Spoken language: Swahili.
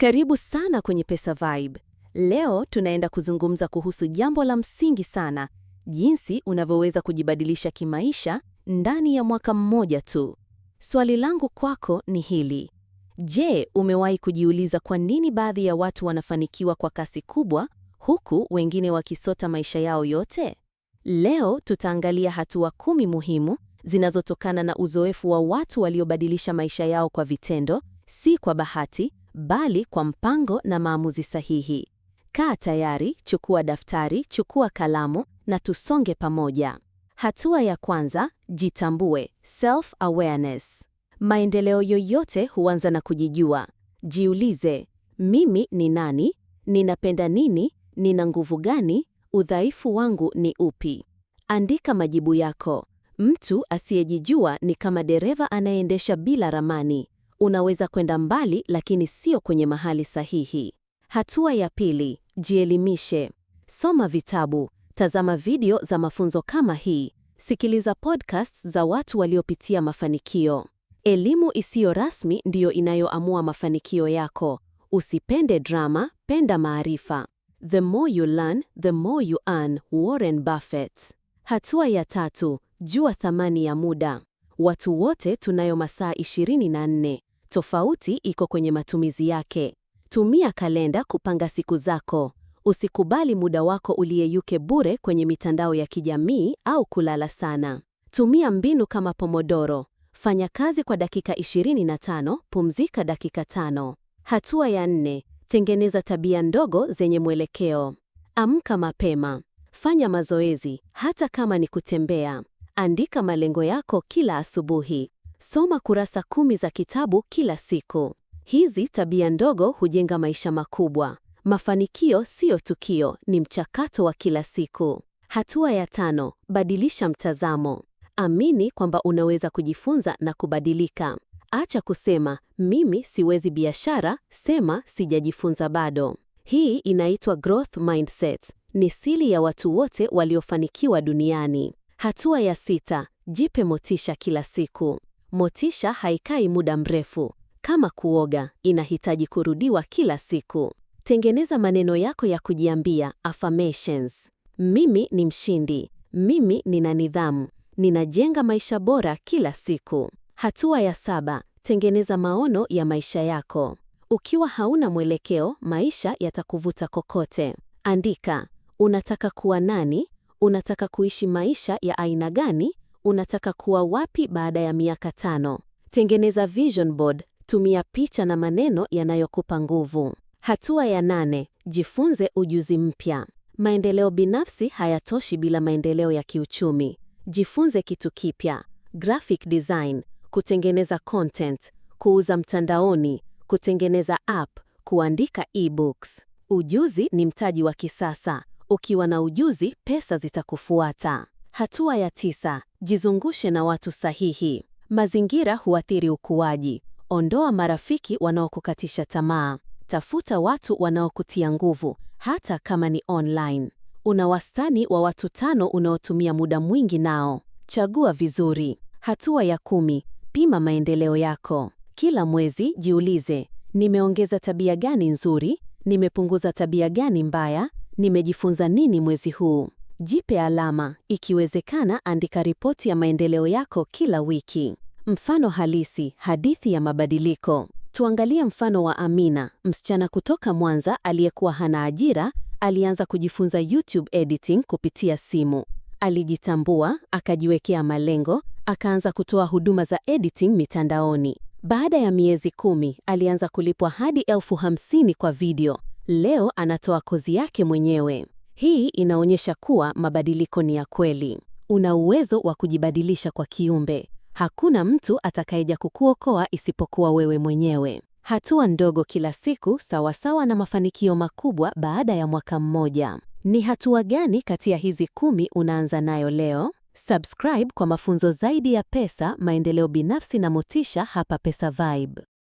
Karibu sana kwenye Pesa Vibe. Leo tunaenda kuzungumza kuhusu jambo la msingi sana, jinsi unavyoweza kujibadilisha kimaisha ndani ya mwaka mmoja tu. Swali langu kwako ni hili. Je, umewahi kujiuliza kwa nini baadhi ya watu wanafanikiwa kwa kasi kubwa huku wengine wakisota maisha yao yote? Leo tutaangalia hatua kumi muhimu zinazotokana na uzoefu wa watu waliobadilisha maisha yao kwa vitendo, si kwa bahati, bali kwa mpango na maamuzi sahihi. Kaa tayari, chukua daftari, chukua kalamu na tusonge pamoja. Hatua ya kwanza, jitambue, self awareness. Maendeleo yoyote huanza na kujijua. Jiulize, mimi ni nani? Ninapenda nini? Nina nguvu gani? Udhaifu wangu ni upi? Andika majibu yako. Mtu asiyejijua ni kama dereva anayeendesha bila ramani. Unaweza kwenda mbali, lakini sio kwenye mahali sahihi. Hatua ya pili: jielimishe. Soma vitabu, tazama video za mafunzo kama hii, sikiliza podcasts za watu waliopitia mafanikio. Elimu isiyo rasmi ndiyo inayoamua mafanikio yako. Usipende drama, penda maarifa. The more you learn, the more you earn. Warren Buffett. Hatua ya tatu: jua thamani ya muda. Watu wote tunayo masaa 24. Tofauti iko kwenye matumizi yake. Tumia kalenda kupanga siku zako. Usikubali muda wako uliyeyuke bure kwenye mitandao ya kijamii au kulala sana. Tumia mbinu kama Pomodoro. Fanya kazi kwa dakika 25, pumzika dakika tano. Hatua ya nne, tengeneza tabia ndogo zenye mwelekeo. Amka mapema. Fanya mazoezi hata kama ni kutembea. Andika malengo yako kila asubuhi. Soma kurasa kumi za kitabu kila siku. Hizi tabia ndogo hujenga maisha makubwa. Mafanikio siyo tukio, ni mchakato wa kila siku. Hatua ya tano: badilisha mtazamo. Amini kwamba unaweza kujifunza na kubadilika. Acha kusema mimi siwezi biashara, sema sijajifunza bado. Hii inaitwa growth mindset. Ni siri ya watu wote waliofanikiwa duniani. Hatua ya sita: jipe motisha kila siku. Motisha haikai muda mrefu, kama kuoga, inahitaji kurudiwa kila siku. Tengeneza maneno yako ya kujiambia affirmations. Mimi ni mshindi. Mimi nina nidhamu. Ninajenga maisha bora kila siku. Hatua ya saba, tengeneza maono ya maisha yako. Ukiwa hauna mwelekeo, maisha yatakuvuta kokote. Andika, unataka kuwa nani? Unataka kuishi maisha ya aina gani? Unataka kuwa wapi baada ya miaka tano? Tengeneza vision board, tumia picha na maneno yanayokupa nguvu. Hatua ya nane, jifunze ujuzi mpya. Maendeleo binafsi hayatoshi bila maendeleo ya kiuchumi. Jifunze kitu kipya: graphic design, kutengeneza content, kuuza mtandaoni, kutengeneza app, kuandika ebooks. Ujuzi ni mtaji wa kisasa. Ukiwa na ujuzi, pesa zitakufuata. Hatua ya tisa: jizungushe na watu sahihi. Mazingira huathiri ukuaji. Ondoa marafiki wanaokukatisha tamaa. Tafuta watu wanaokutia nguvu, hata kama ni online. Una wastani wa watu tano unaotumia muda mwingi nao. Chagua vizuri. Hatua ya kumi: pima maendeleo yako. Kila mwezi jiulize, nimeongeza tabia gani nzuri? Nimepunguza tabia gani mbaya? Nimejifunza nini mwezi huu? Jipe alama, ikiwezekana andika ripoti ya maendeleo yako kila wiki. Mfano halisi, hadithi ya mabadiliko. Tuangalie mfano wa Amina, msichana kutoka Mwanza aliyekuwa hana ajira, alianza kujifunza YouTube editing kupitia simu. Alijitambua, akajiwekea malengo, akaanza kutoa huduma za editing mitandaoni. Baada ya miezi kumi, alianza kulipwa hadi elfu hamsini kwa video. Leo anatoa kozi yake mwenyewe. Hii inaonyesha kuwa mabadiliko ni ya kweli. Una uwezo wa kujibadilisha kwa kiumbe. Hakuna mtu atakayeja kukuokoa isipokuwa wewe mwenyewe. Hatua ndogo kila siku sawasawa na mafanikio makubwa baada ya mwaka mmoja. Ni hatua gani kati ya hizi kumi unaanza nayo leo? Subscribe kwa mafunzo zaidi ya pesa, maendeleo binafsi na motisha hapa Pesa Vibe.